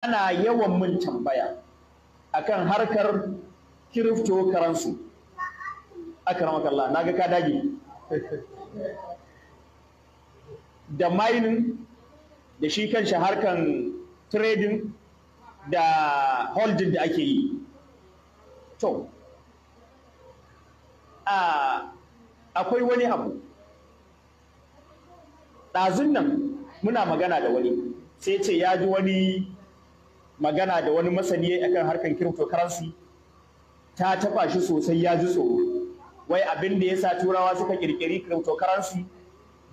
ana yawan mun tambaya akan harkar kirifto karansu akramakallah naga ka dage da mining da shi kanshi harkan trading da holding da ake yi to a akwai wani abu ɗazun nan muna magana da wani sai ce ya ji wani magana da wani masani akan harkar cryptocurrency ta taba shi sosai ya ji tsoro wai abin da sa turawa suka kirkiri cryptocurrency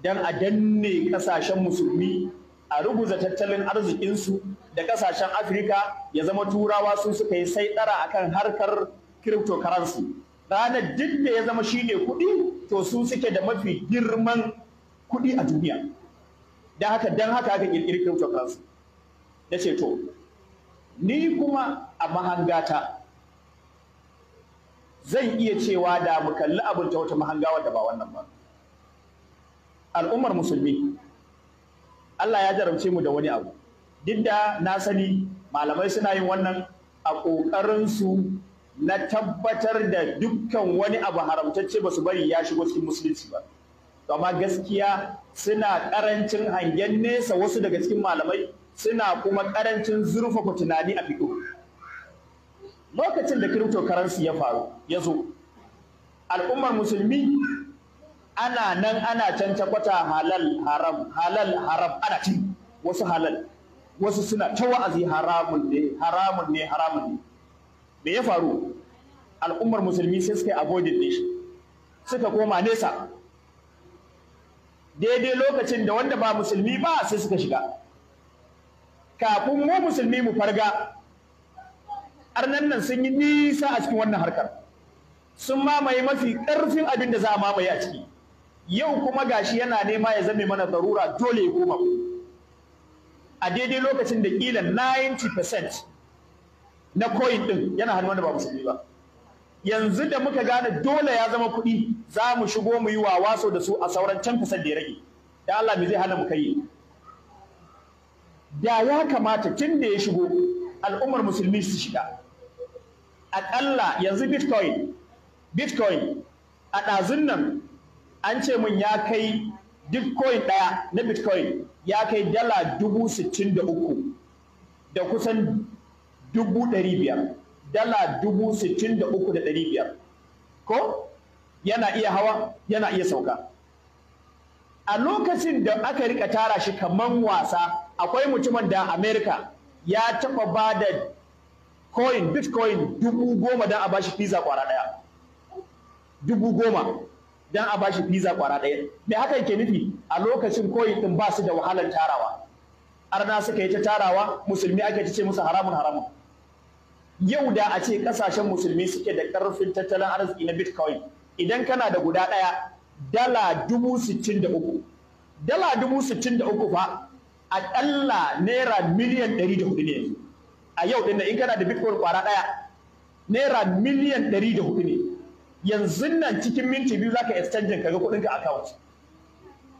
dan a danne kasashen musulmi a ruguza tattalin arzikinsu da kasashen afirka ya zama turawa su suka yi sai dara akan harkar cryptocurrency ranar duk da ya zama shine kuɗi to su suke da mafi girman kuɗi a duniya don haka aka kirkiri cryptocurrency da ce to ni kuma a mahangata zan iya cewa da mu kalli abin ta wata mahanga wadda ba wannan ba al'ummar musulmi Allah ya jarumce mu da wani abu duk da na sani malamai suna yin wannan a su na tabbatar da dukkan wani abu haramtacce ba su bari ya shigo cikin musulunci ba amma gaskiya suna ƙarancin hangen nesa wasu daga cikin malamai suna kuma karancin zurfafa tunani a fito lokacin da cryptocurrency ya faru ya zo al'ummar musulmi ana nan ana can kwata halal haram halal haram ana ci wasu halal wasu suna ta wa'azi haramun ne haramun ne haramun ne me ya faru al'ummar musulmi sai suka yi avoided shi suka koma nesa daidai lokacin da wanda ba musulmi ba sai suka shiga kafin mu musulmi mu farga arnan nan sun yi nisa a cikin wannan harkar sun mamaye mafi ƙarfin abin da za a mamaye a ciki yau kuma gashi yana nema ya zame mana darura dole ya koma a daidai lokacin da kila 90% na koyin din yana hannu wanda ba musulmi ba yanzu da muka gane dole ya zama kuɗi za mu shigo mu yi so da su a sauran 10% da ya rage da Allah me zai hana mu kai da ya kamata tun da ya shigo al'ummar musulmi su shiga aƙalla yanzu bitcoin bitcoin a ɗazun nan an ce min ya kai bitcoin ɗaya na bitcoin ya kai dala dubu sittin da uku da kusan dubu ɗari biyar dala dubu sittin da uku da ɗari biyar ko yana iya hawa yana iya sauka a lokacin da aka rika tara shi kamar wasa akwai mutumin da Amerika ya taba ba da coin bitcoin dubu goma don a bashi pizza kwara ɗaya dubu goma don a bashi pizza kwara daya me hakan ke nufi a lokacin coin ɗin ba su da wahalar tarawa arna suka yi ta tarawa musulmi ake ta ce musu haramun haramun yau da a ce ƙasashen musulmi suke da karfin tattalin arziki na bitcoin idan kana da guda ɗaya dala dubu sittin da uku dala dubu sittin da uku fa ɗalla naira miliyan ɗari da hudu ne yanzu a yau ɗin in kana da bitcoin kwara ɗaya naira miliyan ɗari da hudu ne yanzu nan cikin minti biyu za ka exchange ka ga kuɗin ka account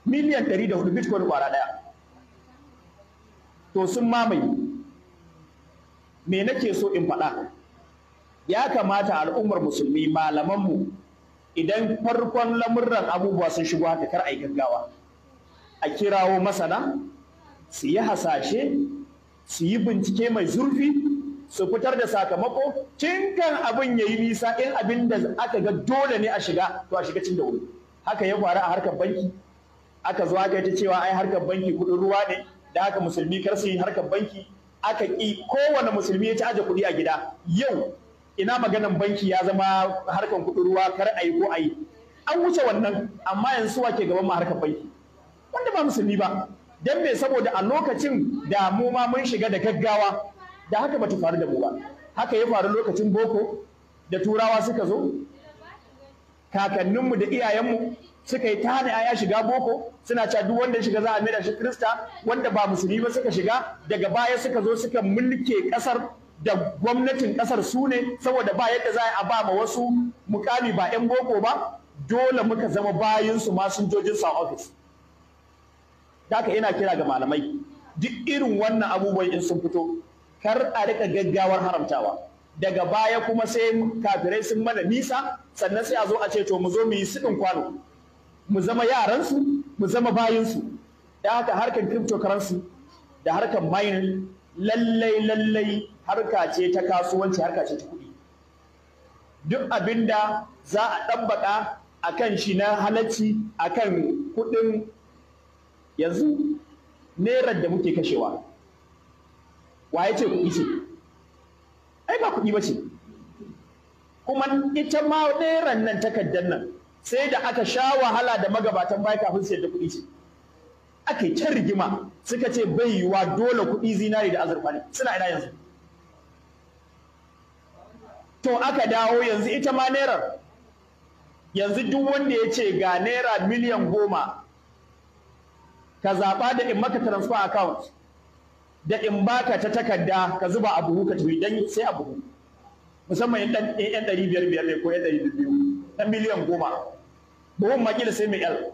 miliyan ɗari da hudu bitcoin kwara ɗaya to sun mamaye me nake so in faɗa ya kamata al'ummar musulmi malamanmu idan farkon lamurran abubuwa sun shigo haka kar a yi gaggawa a kirawo masana su yi hasashe su yi bincike mai zurfi su fitar da sakamako tun kan abin ya yi nisa in abin da aka ga dole ne a shiga to a shiga cin da wuri haka ya faru a harkar banki aka zo aka ta cewa ai harkar banki kudin ruwa ne da haka musulmi kar su yi harkar banki aka ƙi kowane musulmi ya ci aje kuɗi a gida yau ina maganan banki ya zama harkan kuɗin ruwa kar a yi ko a yi an wuce wannan amma yanzu ke gaban mu harkar banki wanda ba musulmi ba dan me saboda a lokacin da mu ma mun shiga da gaggawa da haka bata faru da mu ba haka ya faru lokacin boko da turawa suka zo kakanninmu da iyayenmu suka yi ta hana ya shiga boko suna cewa duk wanda shiga za a maida shi krista wanda ba musulmi ba suka shiga daga baya suka zo suka mulke kasar da gwamnatin kasar su ne saboda ba yadda za a ba ma wasu mukami ba 'yan boko ba dole muka zama bayan su ofis. sa office daga ina kira ga malamai duk irin wannan abubuwan in sun fito kar a rika gaggawar haramtawa daga baya kuma sai kafirai sun mana nisa sannan sai a zo a ce to mu zo mu yi sidin kwano mu zama yaransu mu zama bayansu da haka harkar cryptocurrency da harkar mining lallai lallai harka ce ta kasuwanci harka ce ta kuɗi duk abinda za a ɗanbaka a kan shi na halacci a kan kuɗin yanzu nerar da muke kashewa Wa ya ce kuɗi ce ai ba kuɗi ba ce kuma ita ma neran nan takardar nan sai da aka sha wahala da magabatan baya kafin sayar da kuɗi ce aka yi rigima suka ce bai yiwuwa dole kuɗi zinari da azurfa ne suna ina yanzu to aka dawo yanzu ita ma Naira? yanzu duk wanda ya ce ga naira miliyan goma ka zaɓa da in maka transfer account da in baka ta takarda ka zuba a buhu ka turi dan sai a buhu musamman in dan yan ɗari biyar biyar ne ko yan ɗari biyu dan miliyan goma buhun makila sai mai yal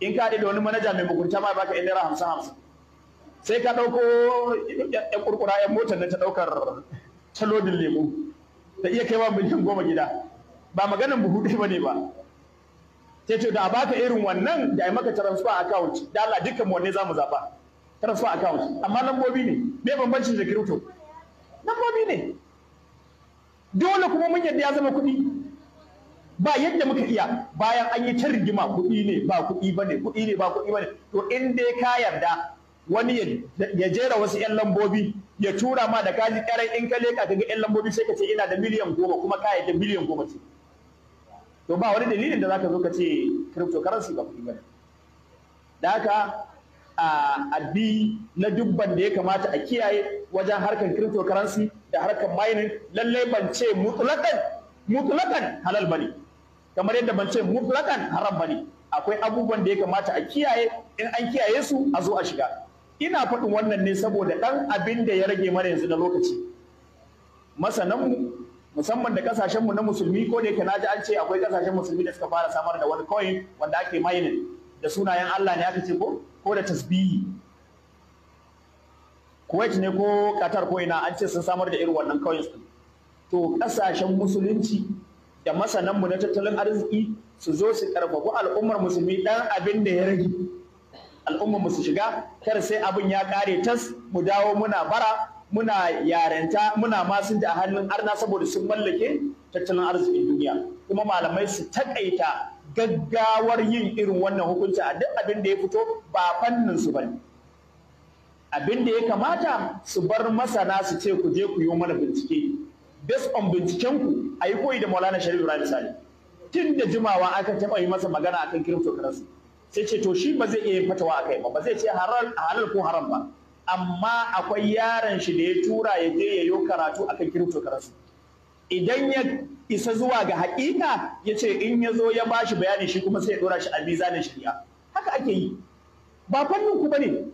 in ka da wani manaja mai mugunta ma baka yan naira hamsin hamsin sai ka ɗauko ƴan ƙurƙura ƴan motar nan ta ɗaukar talodin lemu ta iya kai wa miliyan goma gida ba maganan buhu ɗaya bane ba sai ce da a baka irin wannan da ai maka transfer account da Allah dukkan wanne zamu zaba transfer account amma lambobi ne me bambancin da crypto lambobi ne dole kuma mun yadda ya zama kuɗi ba yadda muka iya bayan an yi ta rigima kuɗi ne ba kuɗi ba ne kuɗi ne ba kuɗi ba ne to in dai ka yarda wani ya jera wasu 'yan lambobi ya tura ma da kaji karai in ka leka kaga yan lambobi sai ka ce ina da miliyan goma kuma da miliyan goma ce to ba wani dalilin da zaka zo ka ce cryptocurrency ba kuɗi bane da haka a bi na dubban da ya kamata a kiyaye wajen harkar cryptocurrency da harkar mining lallai ban ce mutlaqan mutlaqan halal bane kamar yadda ban ce mutlakan haram bane akwai abubuwan da ya kamata a kiyaye in an kiyaye su a zo a shiga ina faɗin wannan ne saboda ɗan abin da ya rage mana yanzu na lokaci masananmu musamman da ƙasashenmu na musulmi ko da yake na ji an ce akwai ƙasashen musulmi da suka fara samar da wani coin wanda ake mining da sunayen Allah ne aka ce ko ko da tasbihi Kuwait ne ko Qatar ko ina an ce sun samar da irin wannan coins din to ƙasashen musulunci da masananmu na tattalin arziki su zo su karfafi al'ummar musulmi ɗan abin da ya rage al'ummar mu su shiga kar sai abin ya kare tas mu dawo muna bara muna yaranta muna masun da hannun arna saboda sun mallake tattalin arzikin duniya kuma malamai su takaita gaggawar yin irin wannan hukunci a duk abin da ya fito ba fannin su bane abin da ya kamata su bar masana su ce ku je ku yi mana bincike based on binciken ku yi koyi da Maulana Sharif Ibrahim Sale tun da jimawa aka taɓa yi masa magana akan cryptocurrency sai ce to shi ba zai iya yin fatawa a kai ba ba zai ce halal ko haram ba amma akwai yaron shi da ya tura ya je ya yi karatu akan karatu. idan ya isa zuwa ga haƙiƙa ya ce in ya zo ya ba shi bayani shi kuma sai ya ɗora shi a mizanin shari'a haka ake yi ba fannin ku bane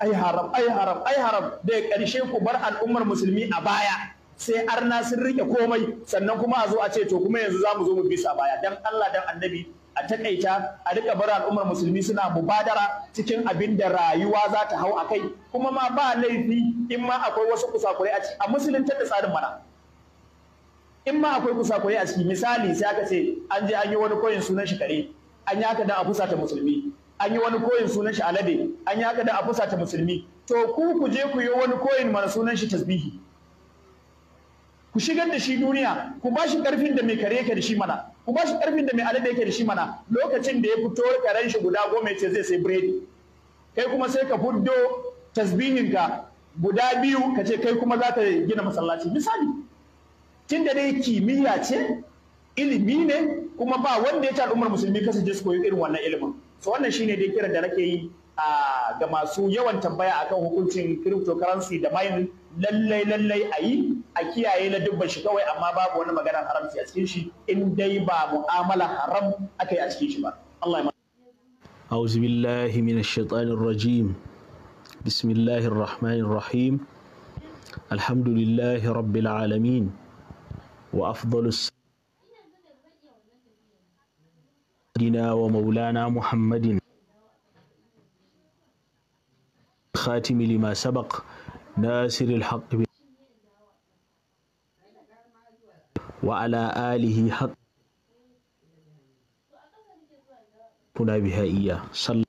ai haram ai haram ai haram da ƙarshe ku bar al'ummar musulmi a baya sai arna sun rike komai sannan kuma a zo a ce to kuma yanzu za mu zo mu bisa baya dan Allah dan annabi a takaita a rika bar al'ummar musulmi suna mubadara cikin abin da rayuwa za ta hau a kai kuma ma ba laifi in ma akwai wasu kusakurai a ciki a musulunta da tsarin mana in ma akwai kusakurai a ciki misali sai aka ce an je an yi wani koyin sunan shi kare an yi haka dan a fusata musulmi an yi wani koyin sunan shi alade an yi haka dan a fusata musulmi to ku ku je ku yi wani koyin mana sunan shi tasbihi ku shigar da shi duniya ku ba shi karfin da mai kare ka da shi mana ku shi ƙarfin da mai alade yake da shi mana lokacin da ya fito karen shi guda goma ce zai sai biredi kai kuma sai ka fuddo tasbihinka guda biyu ka ce kai kuma za ka gina masallaci misali tun da dai kimiyya ce ilimi ne kuma ba wanda ya ci al'ummar musulmi je su koyi irin wannan ilimin so wannan shine dai kiran da nake yi ah, ga masu yawan tambaya akan hukuncin cryptocurrency da mining lallai lallai ayi a kiyaye na dubban shi kawai amma babu wani maganar haramci a cikin shi in dai ba mu'amala haram akai a cikin shi ba Allah ya أعوذ بالله من الشيطان الرجيم بسم الله الرحمن الرحيم الحمد لله رب العالمين وأفضل سيدنا ومولانا محمد خاتم لما سبق ناصر الحق وعلى آله حق كنا بها إياه صلى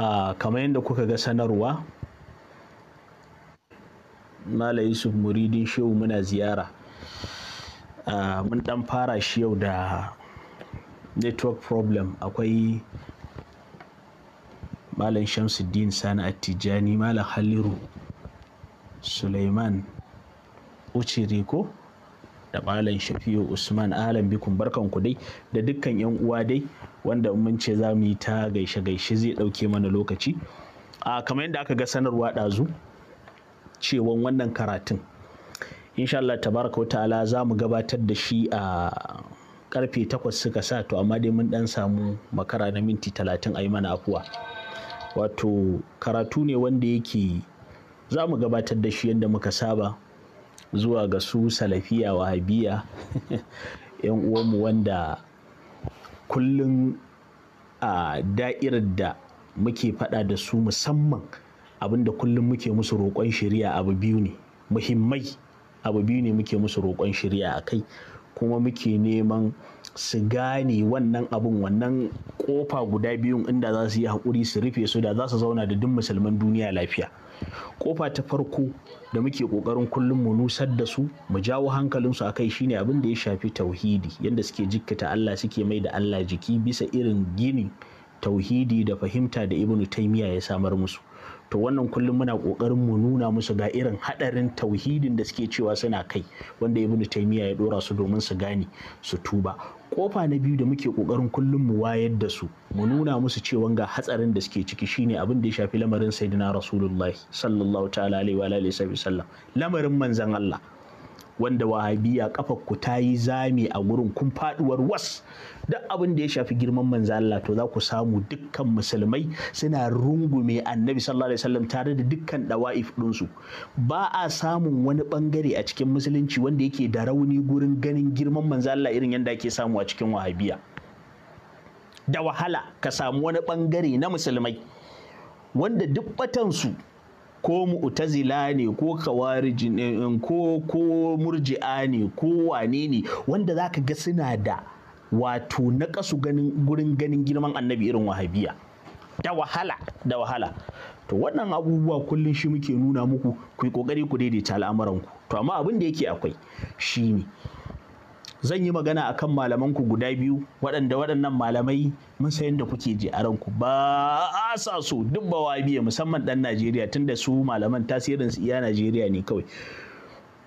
Uh, kamar yadda kuka ga sanarwa Mala Yusuf Muridin Shehu muna ziyara uh, mun dan fara shi yau da network problem akwai malam shamsuddin sani attijani malam haliru suleiman ko da malam shafi'u usman alam bikun barkan dai da dukkan yan uwa dai wanda mun ce za mu yi ta gaishe gaishe zai dauke mana lokaci a kamar yadda aka ga sanarwa ɗazu cewan wannan karatun insha Allah tabaraka wa ta'ala za mu gabatar da shi a karfe takwas suka sa to amma dai mun dan samu makara na minti talatin a yi mana afuwa wato karatu ne wanda yake za mu gabatar da shi yadda muka saba zuwa ga su salafiya wahabiya yan uwanmu wanda kullum a da'irar da muke faɗa da su musamman abinda kullum muke musu roƙon shari'a abu biyu ne muhimmai abu biyu ne muke musu roƙon shari'a a kai kuma muke neman su gane wannan abun wannan kofa guda biyu inda za su yi haƙuri su rufe su da za su zauna da duk musulman duniya lafiya kofa ta farko da muke ƙoƙarin kullum mu nusar da su mu jawo hankalinsu a kai shine abin da ya shafi tauhidi yadda suke jikkata Allah suke mai da Allah jiki bisa irin gini tauhidi da fahimta da ibnu taimiya ya samar musu to wannan kullum muna kokarin mu nuna musu ga irin hadarin tauhidin da suke cewa suna kai wanda ibnu taymiya ya dora su domin su gane su tuba kofa na biyu da muke kokarin kullum mu wayar da su mu nuna musu cewa ga hatsarin da suke ciki shine abin da ya shafi lamarin sayyidina rasulullahi sallallahu ta'ala alaihi wa alihi sallam lamarin manzon Allah wanda wahabiya kafar ku ta yi zame a gurin kun faduwar was duk abin da ya shafi girman manzo Allah to za ku samu dukkan musulmai suna rungume annabi sallallahu alaihi wasallam tare da dukkan dawa'if ɗinsu ba a samun wani bangare a cikin musulunci wanda yake da rauni gurin ganin girman manzo Allah irin yadda ake samu a cikin wahabiya da wahala ka samu wani bangare na musulmai wanda duk batansu su ko mu'tazila ne ko kawariji um, ko ko murji'a ne ko wane ne wanda zaka ga suna da wato na kasu ganin gurin ganin girman annabi irin wahabiya da wahala da wahala to wannan abubuwa kullum shi muke nuna muku ku yi kokari ku daidaita al'amuranku to amma abin da yake akwai shine zan yi magana akan malaman ku guda biyu waɗanda waɗannan malamai mun sayan da kuke ji a ranku ba a sa su duk ba biya musamman ɗan Najeriya tun da su malaman tasirin su iya Najeriya ne kawai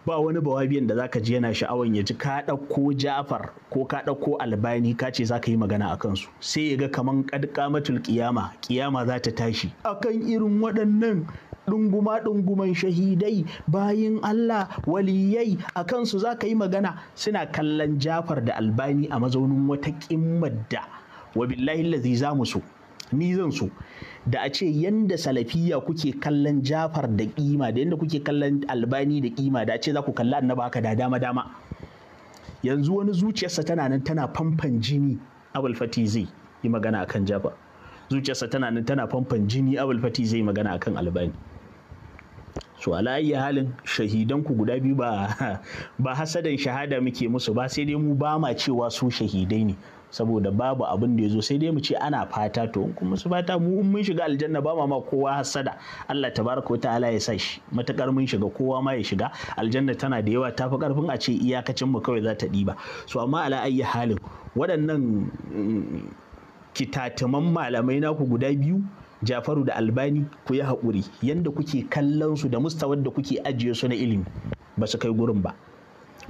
ba wani bawabiyan da zaka ji yana sha'awan ya ji ka ɗauko Ja'far ko ka ɗauko Albani ka ce zaka yi magana a kansu sai ya ga kaman qad qamatul qiyama za ta tashi akan irin waɗannan ɗunguma ɗunguman shahidai bayin Allah waliyai a kansu za ka yi magana suna kallon jafar da albani a mazaunin wata ƙimmar da wa lazi za mu so ni zan so da a ce yanda salafiya kuke kallon jafar da kima da yanda kuke kallon albani da kima da a ce za ku kalla annaba haka da dama dama yanzu wani zuciyarsa tana nan tana famfan jini abul fati zai yi magana akan jafar zuciyarsa tana nan tana famfan jini abul fati zai magana akan albani Su ala ayyi halin shahidan ku guda biyu ba ba hasadan shahada muke musu ba sai dai mu ba ma cewa su shahidai ne saboda babu abin da ya zo sai dai mu ce ana fata to in kuma fata mu mun shiga aljanna ba ma kowa hasada Allah tabaraka wa ta'ala ya sa shi matakar mun shiga kowa ma ya shiga aljanna tana da yawa tafi karfin a ce iyakacin mu kawai za ta diba so amma ala ayyi halin waɗannan mm, kitatuman malamai naku guda biyu Jafaru da Albani ku yi haƙuri yadda kuke kallon su da mustawar da kuke ajiye su na ilimi ba su kai gurin ba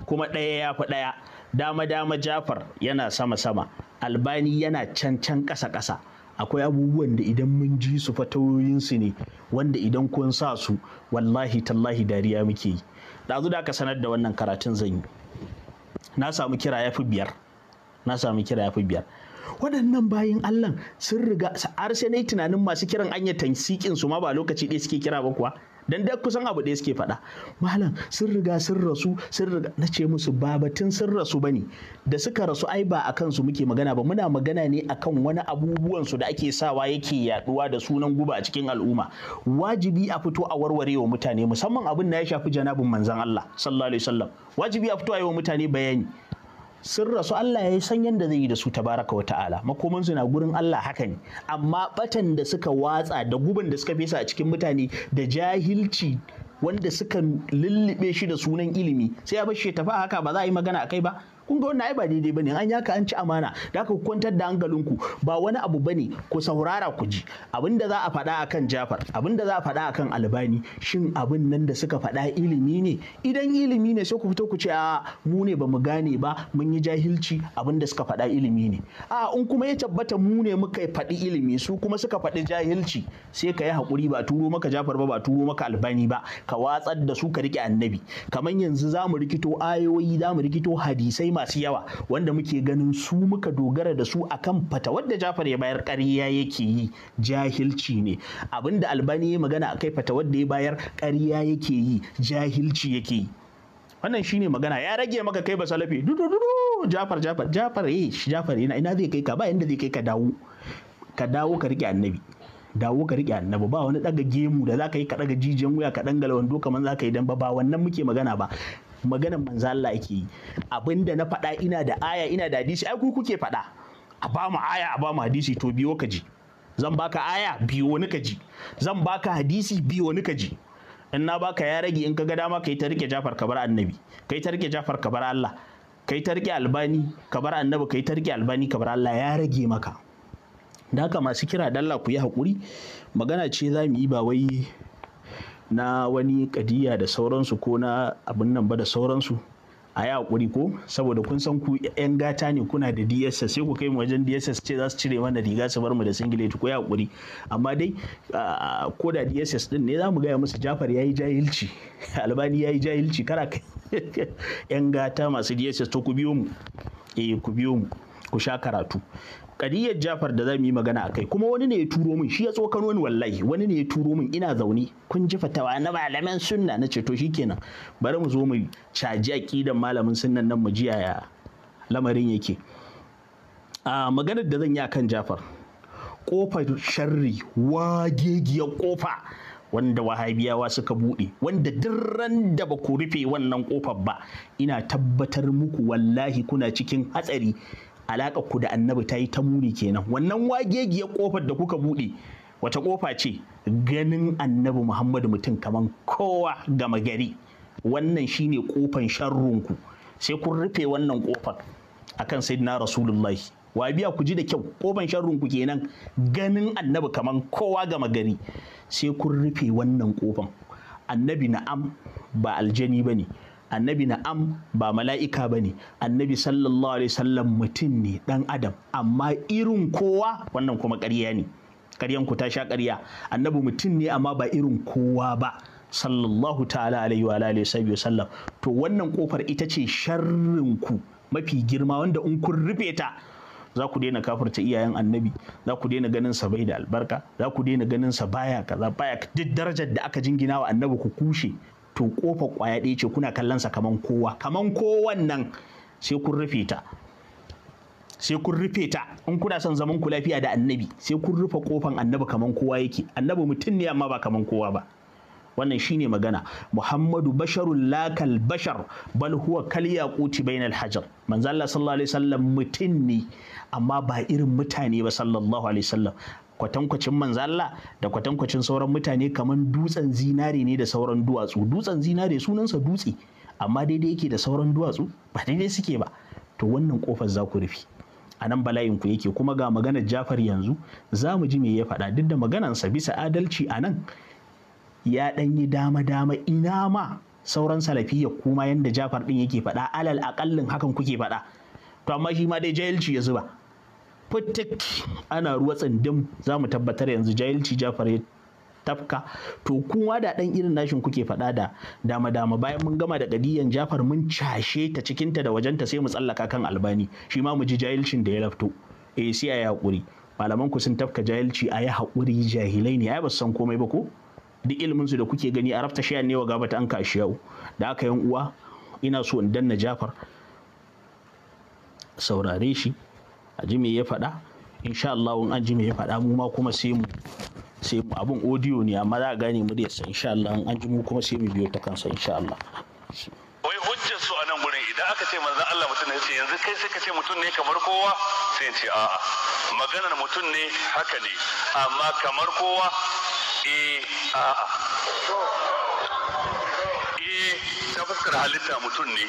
kuma ɗaya ya fi ɗaya dama dama Jafar yana sama sama Albani yana can can ƙasa ƙasa akwai abubuwan da idan mun ji su fatayoyin su ne wanda idan kun sa su wallahi tallahi dariya muke yi ɗazu da aka sanar da wannan karatun zan yi na samu kira ya fi biyar na samu kira ya fi biyar waɗannan bayan Allah sun riga har sai nayi tunanin masu kiran anya tansikin su ma ba lokaci ɗaya suke kira ba kuwa dan da kusan abu ɗaya suke faɗa malam sun riga sun rasu sun riga na ce musu ba batun sun rasu ba ne. da suka rasu ai ba akan su muke magana ba muna magana ne akan wani abubuwan su da ake sawa yake yaduwa da sunan guba a cikin al'umma wajibi a fito a warware wa mutane musamman abin da ya shafi janabin manzon Allah sallallahu alaihi wasallam wajibi a fito a yi wa mutane bayani sun rasu Allah ya yi san yadda zai yi da su tabaraka wa ta'ala makomansu na gurin Allah haka ne amma batan da suka watsa da guban da suka fesa a cikin mutane da jahilci wanda suka lullube shi da sunan ilimi sai ya bar shi tafa haka ba za a yi magana akai ba kun ga wannan ai ba daidai bane an yaka an ci amana da aka kwantar da hankalinku ba wani abu bane ku saurara ku ji abin da za a faɗa akan Jafar abin da za a faɗa akan Albani shin abin nan da suka faɗa ilimi ne idan ilimi ne sai ku fito ku ce a mu ne bamu gane ba mun yi jahilci abin da suka faɗa ilimi ne a in kuma ya tabbata mu ne muka faɗi ilimi su kuma suka faɗi jahilci sai ka yi hakuri ba turo maka Jafar ba ba turo maka Albani ba ka watsar da su ka rike annabi kamar yanzu za mu rikito ayoyi za mu rikito hadisai masu yawa wanda muke ganin su muka dogara da su akan fata wadda Jafar ya bayar ƙarya yake yi jahilci ne da Albani ya magana akai fata wadda ya bayar ƙarya yake yi jahilci yake yi wannan shine magana ya rage maka kai ba salafi dudududu Jafar Jafar Jafar eh Jafar ina ina zai kai ka ba inda zai kai ka dawo ka dawo ka rike annabi dawo ka riƙe annabi ba wani daga gemu da za ka yi ka daga jijiyan wuya ka dangala wando kamar za ka yi dan ba wannan muke magana ba Maganar manzo Allah yake yi abinda na faɗa ina da aya ina da hadisi ai ku kuke faɗa a ba mu aya a ba mu hadisi to biyo ka ji zan baka aya biyo wani ka ji zan baka hadisi biyo wani ka ji in na baka ya rage in ka ga dama kai ta rike Jafar ka bar annabi kai ta rike Jafar ka bar Allah kai ta rike albani ka bar annabi kai ta rike albani ka bar Allah ya rage maka da haka masu kira dalla ku yi hakuri? magana ce za mu yi ba wai na wani kadiya da sauransu ko na abin nan ba da sauransu a yi haƙuri ko saboda kun san ku 'yan gata ne kuna da dss sai ku kai mu wajen dss ce za su cire mana riga su bar mu da singileti ko ya haƙuri amma dai ko da dss din ne za mu gaya musu jafar ya yi jahilci albani ya yi jahilci kara kai 'yan gata masu dss to ku biyo mu eh, ku biyo mu ku sha karatu kadiyar Jafar da zamu yi magana a kai kuma wani ne ya turo min shi ya tsokano ni wallahi wani ne ya turo min ina zaune kun ji fatawa na malaman sunna na ceto to shikenan bari mu zo mu caji aqidan malamin sunnan nan mu ji ya? lamarin yake a maganar da zan yi akan Jafar kofar sharri wagegiyar kofa wanda wahabiyawa suka buɗe wanda ran da ba ku rufe wannan kofar ba ina tabbatar muku wallahi kuna cikin hatsari alaƙar ku da annabi ta yi ta muni kenan wannan wagegiyar kofar da kuka buɗe wata kofa ce ganin annabi muhammadu mutum kaman kowa gama gari wannan shine kofan sharrunku sai kun rufe wannan kofar akan na rasulullahi wa biya ku ji da kyau kofan sharrunku kenan ganin annabi kaman kowa gama gari sai kun rufe wannan kofan annabi na'am ba aljani ba ne annabi na'am ba mala'ika ba ne annabi sallallahu alaihi sallam mutum ne dan adam amma irin kowa wannan kuma karya ne ƙaryan ku ta sha karya. annabi mutum ne amma ba irin kowa ba sallallahu ta'ala alaihi wa alihi wa sallam to wannan kofar ita ce sharrin ku mafi girma wanda in kun rufe ta za ku daina kafirta iyayen annabi za ku daina ganin sa bai da albarka za ku daina ganin sa baya kaza baya duk darajar da aka jingina wa annabi ku kushe to kofar kwaya ɗaya ce kuna kallon sa kaman kowa kaman kowan nan sai kun rufe ta sai kun rufe ta in kuna son zaman ku lafiya da annabi sai kun rufe kofan annabi kaman kowa yake annabi mutum ne amma ba kaman kowa ba wannan shine magana muhammadu basharul lakal bashar bal huwa kal yaquti bainal hajar manzo Allah sallallahu alaihi wasallam mutum ne amma ba irin mutane ba sallallahu alaihi wasallam kwatankwacin manzalla da kwatankwacin sauran mutane kamar dutsen zinare ne da sauran duwatsu dutsen zinare sunansa dutse amma daidai yake da sauran duwatsu ba daidai suke ba to wannan kofar za ku rufe a nan bala'in ku yake kuma ga maganar jafar yanzu za mu ji me ya faɗa duk da maganarsa bisa adalci a nan ya ɗan yi dama dama ina ma sauran salafiyya kuma yanda jafar ɗin yake faɗa alal aƙallin hakan kuke faɗa to amma shi ma dai jahilci ya zuba fitik ana ruwa tsandin za mu tabbatar yanzu jahilci jafar ya tafka to kuma da dan irin nashin kuke faɗa da dama dama bayan mun gama da ƙadiyan jafar mun cashe ta cikinta da wajenta sai mu tsallaka kan albani shi ma mu ji jahilcin da ya lafto eh sai a yi haƙuri malaman ku sun tafka jahilci a yi haƙuri jahilai ne ai ba san komai ba ko duk ilimin su da kuke gani a rafta shayan ne wa gaba ta an kashi yau da aka yan uwa ina so in danna jafar saurare shi a ji me ya faɗa insha Allah in an ji me ya faɗa mu ma kuma sai mu sai mu abun audio ne amma za a gane mu da yasa insha Allah in an ji mu kuma sai mu biyo ta kansa insha Allah wai hujjar su a nan gurin idan aka ce manzon Allah mutum ne sai yanzu kai sai ka ce mutum ne kamar kowa sai ce a'a maganar mutum ne haka ne amma kamar kowa eh a'a eh ta fuskar halitta mutum ne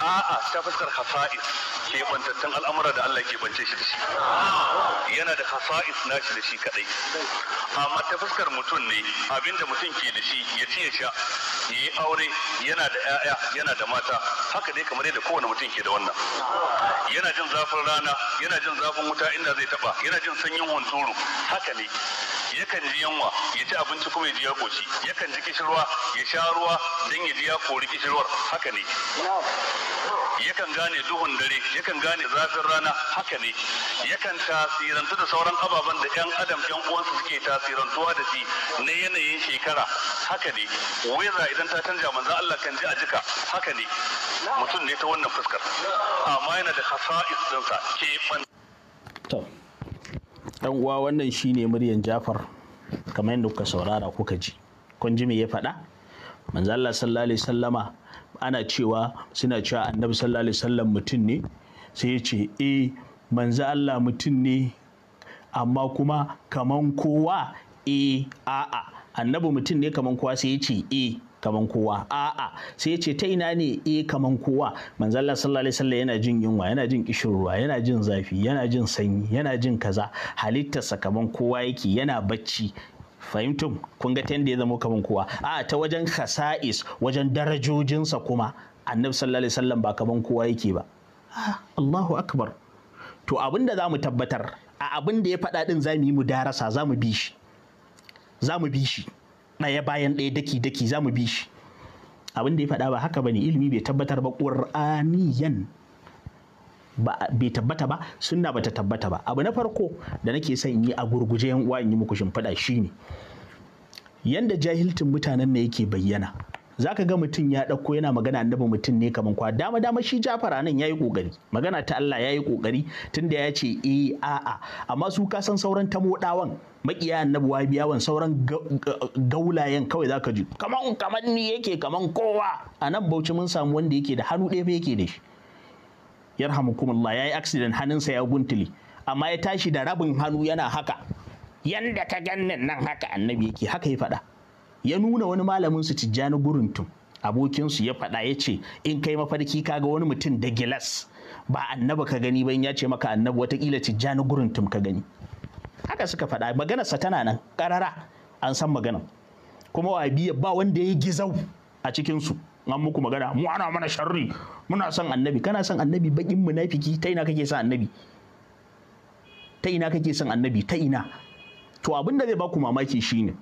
a'a ta fuskar hafa'is kebantattun al'amura da Allah ke bance shi da shi yana da hasa'is nashi da shi kadai amma ta fuskar mutum ne abinda mutum ke da shi ya ci ya sha ya yi aure yana da 'ya'ya yana da mata haka dai kamar yadda kowane mutum ke da wannan yana jin zafin rana yana jin zafin wuta inda zai taba yana jin sanyin hunturu haka ne yakan ji yanwa ya ci abinci kuma ya ji ya koshi yakan ji kishirwa ya sha ruwa don ya ji ya kori kishirwar haka ne yakan gane duhun dare yakan gane zafin rana haka ne yakan tasirantu da sauran ababen da yan adam yan uwansu suke tasirantuwa da shi na yanayin shekara haka ne weza idan ta canja manzan Allah kan ji a jika haka ne mutum ne ta wannan fuskar amma yana da hasa'is ɗinsa ke dan uwa wannan shine muryan Jafar kamar yadda kuka saurara kuka ji kun ji me ya faɗa manzo Allah sallallahu alaihi sallama ana cewa suna cewa annabi sallallahu alaihi sallam mutum ne sai ya ce eh manzo Allah mutum ne amma kuma kaman kowa eh a'a annabi mutum ne kaman kowa sai ya ce eh kaman kowa a'a sai ce ta ina ne Eh kaman kowa manzalla sallallahu alaihi wasallam yana jin yunwa yana jin kishin ruwa yana jin zafi yana jin sanyi yana jin kaza halittarsa kaman kowa yake yana bacci fahimtum kun ga ta yadda ya zama kaman kowa a ta wajen khasa'is wajen darajojinsa kuma annabi sallallahu alaihi wasallam ba kaman kowa yake ba ah, Allahu akbar to abin da za tabbatar a abin da ya faɗa ɗin za mu yi mu darasa zamu bi shi za bi shi ɗaya bayan ɗaya daki daki za mu bi shi abin da ya faɗa ba haka bane ilimi bai tabbatar ba ƙur'aniyan bai tabbata ba sunna bata tabbata ba abu na farko da nake son yi a gurguje yan uwa in yi muku shimfiɗa shine yanda jahilcin mutanen ne yake bayyana za ka ga mutum ya ɗauko yana magana annabi mutum ne kamar kwa dama dama shi jafara nan ya yi ƙoƙari magana ta Allah ya yi ƙoƙari tunda ya ce e a'a amma su ka san sauran moɗawan makiya annabi biyawan sauran gaulayen kawai za ka ji kaman kaman ni yake kaman kowa a nan bauchi mun samu wanda yake da hannu ɗaya yake da shi yarhamukumullah ya yi accident hannunsa ya guntule amma ya tashi da rabin hannu yana haka yanda ka gannin nan haka annabi yake haka ya faɗa ya nuna wani malamin su tijjani abokin abokinsu ya faɗa ya ce in kai mafarki kaga wani mutum da gilas ba annaba ka gani ba in ya ce maka annabi watakila tijjani guruntun ka gani haka suka faɗa maganarsa tana nan ƙarara an san magana. kuma wa biya ba wanda ya gizau a cikinsu an muku magana mu ana mana sharri muna son annabi kana son annabi bakin munafiki ta ina kake son annabi ta ina kake son annabi ta ina to abin da zai baku mamaki shine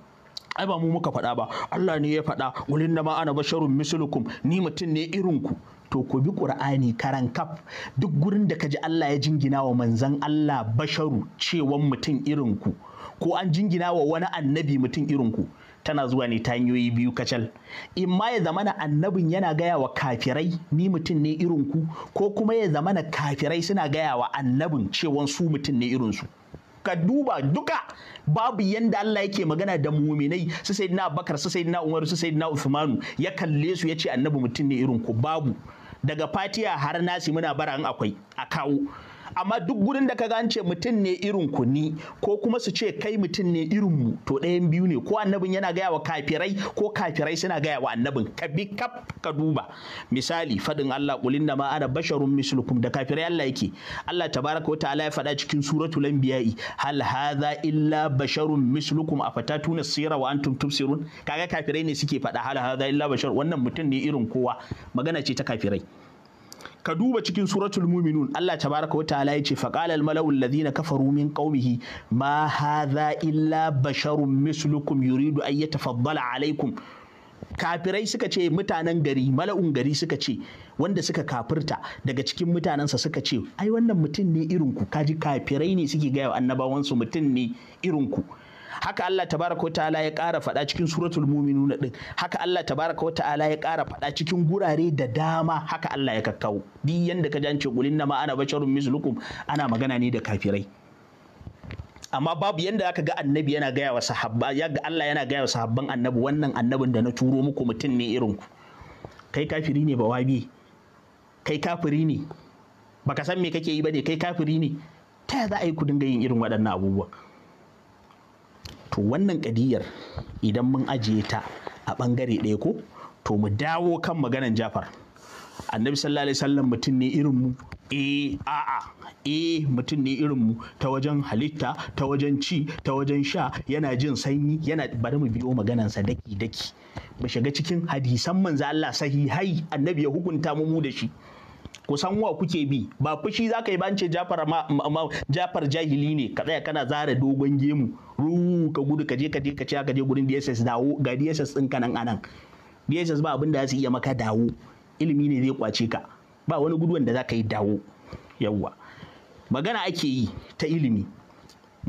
ai ba mu muka faɗa ba Allah ne ya faɗa gulin da ma ana basharun mislukum ni mutum ne irin ku to ku bi qur'ani karan kaf duk gurin da kaji Allah ya jingina wa manzan Allah basharu cewan mutum irin ku ko an jingina wa wani annabi mutum irin ku tana zuwa ne ta hanyoyi biyu kacal in ma ya zamana annabin yana gaya wa kafirai ni mutum ne irin ku ko kuma ya zamana kafirai suna gaya wa annabin cewan su mutum ne irin su ka duba duka babu yanda Allah yake magana da muminai su sai na bakar su sai na umaru su sai na usmanu ya kalle su ya ce annabi mutum ne irin ku babu daga fatiya har nasi muna bara an akwai a kawo amma duk gudun da ka gance mutum ne irin ku ni ko kuma su ce kai mutum ne irin mu to ɗayan biyu ne ko annabin yana gaya wa kafirai ko kafirai suna gaya wa annabin ka bi kaf ka duba misali fadin Allah kulin inna ma ana basharun mislukum da kafirai Allah yake Allah tabaraka wataala ya faɗa cikin suratul anbiya'i hal hadha illa basharun mislukum afatatuna sira wa antum tubsirun kaga kafirai ne suke faɗa hal hadha illa bashar wannan mutum ne irin kowa magana ce ta kafirai ka duba cikin suratul muminun Allah tabaraka wa ta'ala yace qala al mala'u alladhina kafaru min qaumihi ma hadha illa basharun mislukum yuridu an yatafaddala alaikum kafirai suka ce mutanen gari mala'un gari suka ce wanda suka kafirta daga cikin mutanensa suka ce ai wannan mutum ne irinku kaji kafirai ne suke gaya annabawansu mutum ne irinku haka Allah tabaraka wa ta'ala ya ƙara faɗa cikin suratul muminuna din haka Allah tabaraka wa ta'ala ya ƙara faɗa cikin gurare da dama haka Allah ya kakkawo bi yanda ka jance kulin na ma ana basharun mislukum ana magana ne da kafirai amma babu yanda aka ga annabi yana gaya wa sahabba ya ga Allah yana gaya wa sahabban annabi wannan annabin da na turo muku mutum ne irin ku kai kafiri ne bawabi kai kafiri ne baka san me kake yi ba ne kai kafiri ne ta za a yi ku dinga yin irin waɗannan abubuwa to wannan kadiyar idan mun ajiye ta a bangare ɗaya ko to mu dawo kan maganan jafar annabi sallallahu alaihi wasallam mutum ne irin mu eh a'a eh mutum ne irin mu ta wajen halitta ta wajen ci ta wajen sha yana jin sanyi yana bari mu biyo maganan sa daki daki Ba shiga cikin hadisan manzo Allah sahihai annabi ya hukunta mu da shi ku san wa kuke bi ba fushi za ka yi bance jafar jafar jahili ne ka tsaya kana zara dogon gemu ruu ka gudu ka je ka je ka ce ka je gurin DSS dawo ga DSS din kanan anan DSS ba abin da za su iya maka dawo ilimi ne zai kwace ka ba wani guduwan da za ka yi dawo yawwa magana ake yi ta ilimi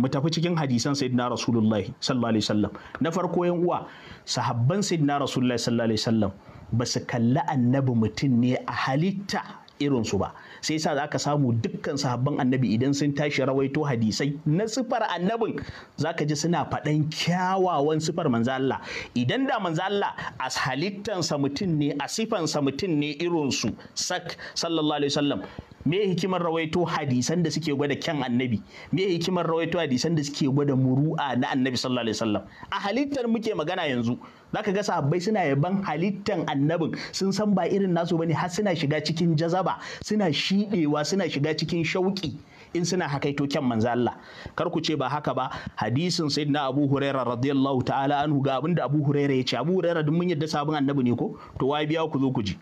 mu tafi cikin hadisan sayyidina rasulullahi sallallahu alaihi wasallam na farko yan uwa sahabban sayyidina rasulullahi sallallahu alaihi wasallam ba su kalli annabi mutum ne a halitta irinsu ba sai sa za ka samu dukkan sahabban annabi idan sun tashi rawaito hadisai na sifar annabin za ka ji suna faɗan kyawawan sifar manzo Allah idan da manzo Allah a halittansa mutum ne a sifansa mutum ne irinsu sak sallallahu alaihi wasallam me hikimar rawaito hadisan da suke gwada kyan annabi me hikimar rawaito hadisan da suke gwada muru'a na annabi sallallahu alaihi wasallam a halittar muke magana yanzu zaka ga sahabbai suna yaban halittan annabin sun san ba irin nasu bane har suna shiga cikin jazaba suna shidewa suna shiga cikin shauki in suna hakaito kyan manzo Allah kar ku ce ba haka ba hadisin sayyidina Abu Hurairah radiyallahu ta'ala anhu ga abinda Abu Hurairah ya ce Abu Hurairah duk mun yadda sabon annabi ne ko to wai biya ku zo ku ji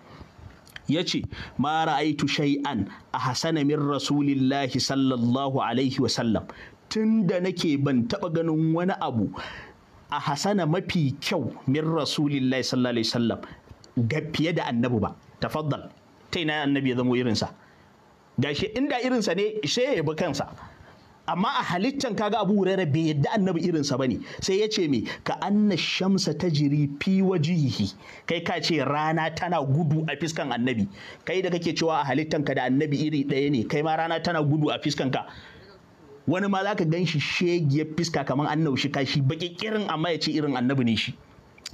ya ce ma ra'aitu shay'an a hasana min rasulillahi sallallahu alaihi wasallam tun da nake ban taɓa ganin wani abu a hasana mafi kyau min rasulillahi sallallahu alaihi wasallam ga fiye da annabi ba tafaddal ta ina annabi ya zamo irinsa gashi inda irinsa ne sai ya bi kansa amma a halittan kaga Abu Huraira bai yadda annabi irinsa bane sai ya ce me ka anna shamsa tajri fi wajihi kai ka ce rana tana gudu a fiskan annabi kai da kake cewa a halittan ka da annabi iri ɗaya ne kai ma rana tana gudu a fiskan ka wani ma za ka gan shi shegiyar fiska kamar annabi shi kashi baƙi irin amma ya ce irin annabi ne shi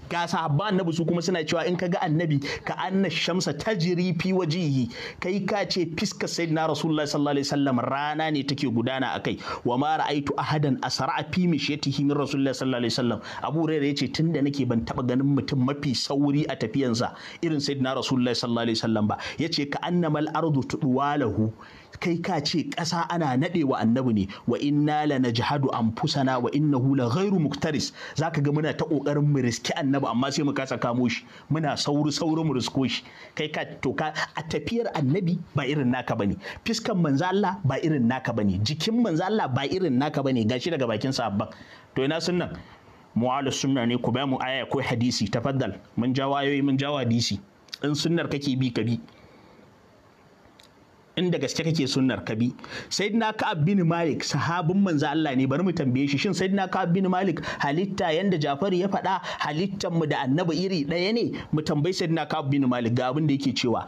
ga sahabba annabi su kuma suna cewa in ka ga annabi ka anna shamsa tajri fi wajihi kai ka ce fiska sayyidina rasulullahi sallallahu alaihi wasallam rana ne take gudana akai wa ma ra'aitu ahadan asra'a fi mishyatihi min rasulullahi sallallahu alaihi wasallam abu hurairah yace tunda nake ban taba ganin mutum mafi sauri a tafiyansa irin sayyidina rasulullahi sallallahu alaihi wasallam ba yace ka annamal ardu tudwalahu kai ka ce ƙasa ana naɗe wa annabi ne wa inna la najhadu anfusana wa innahu la ghairu muktaris zaka ga muna ta kokarin mu riski annabi amma sai mu kasa kamo shi muna sauri sauri mu risko shi kai ka to ka a tafiyar annabi ba irin naka bane fiskan manzo Allah ba irin naka bane jikin manzo Allah ba irin naka bane gashi daga bakin sahabban to ina sunnan mu'ala sunna ne ku ba mu aya ko hadisi tafaddal mun jawayoyi mun ja hadisi in sunnar kake bi ka bi inda gaske kake sunnar ka bi sayyidina ka'ab bin malik sahabin manzo Allah ne bari mu tambaye shi shin sayyidina ka'ab bin malik halitta yanda Jafaru ya faɗa halittan mu da annabi iri ɗaya ne mu tambayi sayyidina ka'ab bin malik ga abin da yake cewa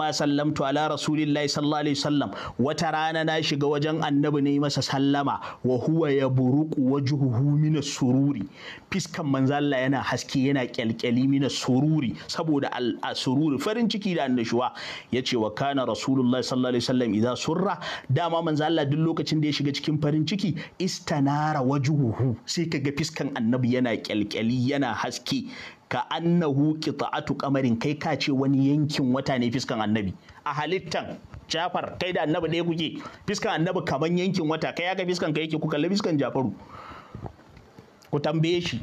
ma sallamtu ala rasulillahi sallallahu alaihi wasallam wata rana na shiga wajen annabi ne masa sallama wa huwa yaburuqu wajhuhu min sururi fiskan manzo Allah yana haske yana kyalkyali min sururi saboda al sururi farin ciki da annashuwa yace wa kana rasulullahi sallallahu alaihi wasallam idza surra dama manzo Allah duk lokacin da ya shiga cikin farin ciki istanara wajuhu sai kaga fiskan annabi yana kyalkyali yana haske ka annahu qita'atu qamarin kai ka ce wani yankin wata ne fiskan annabi a halittan Jafar kai da annabi ɗaya kuke fiskan annabi kaman yankin wata kai ya ga fiskan ka yake ku kalli fiskan Jafaru ku tambaye shi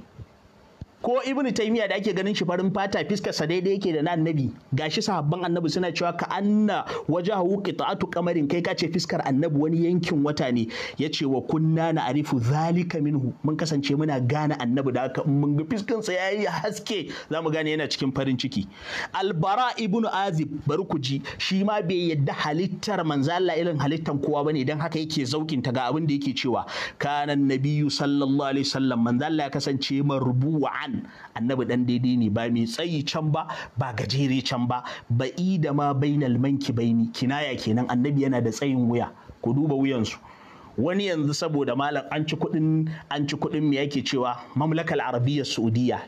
ko ibnu taymiya da ake ganin shi farin fata fiskar sa daidai yake da na annabi gashi sahabban annabi suna cewa ka anna wajahu qita'atu qamarin kai kace fiskar annabi wani yankin wata ne yace wa kunna na arifu zalika minhu mun kasance muna gane annabi da haka mun ga fiskan sa yayi haske zamu gane yana cikin farin ciki albara ibnu azib bari ku ji shi ma bai yadda halittar manzo Allah irin halittar kowa bane dan haka yake zaukin ta ga abin da yake cewa Kanan Nabiyu sallallahu alaihi wasallam manzo Allah ya kasance marbu'an annabi ɗan daidai ne ba mai tsayi can ba ba gajere can ba ba'i da ma bainal manki baini kinaya kenan annabi yana da tsayin wuya ku duba wuyansu wani yanzu saboda malam an ci kudin an ci kudin me yake cewa mamlakal arabiyyar saudiya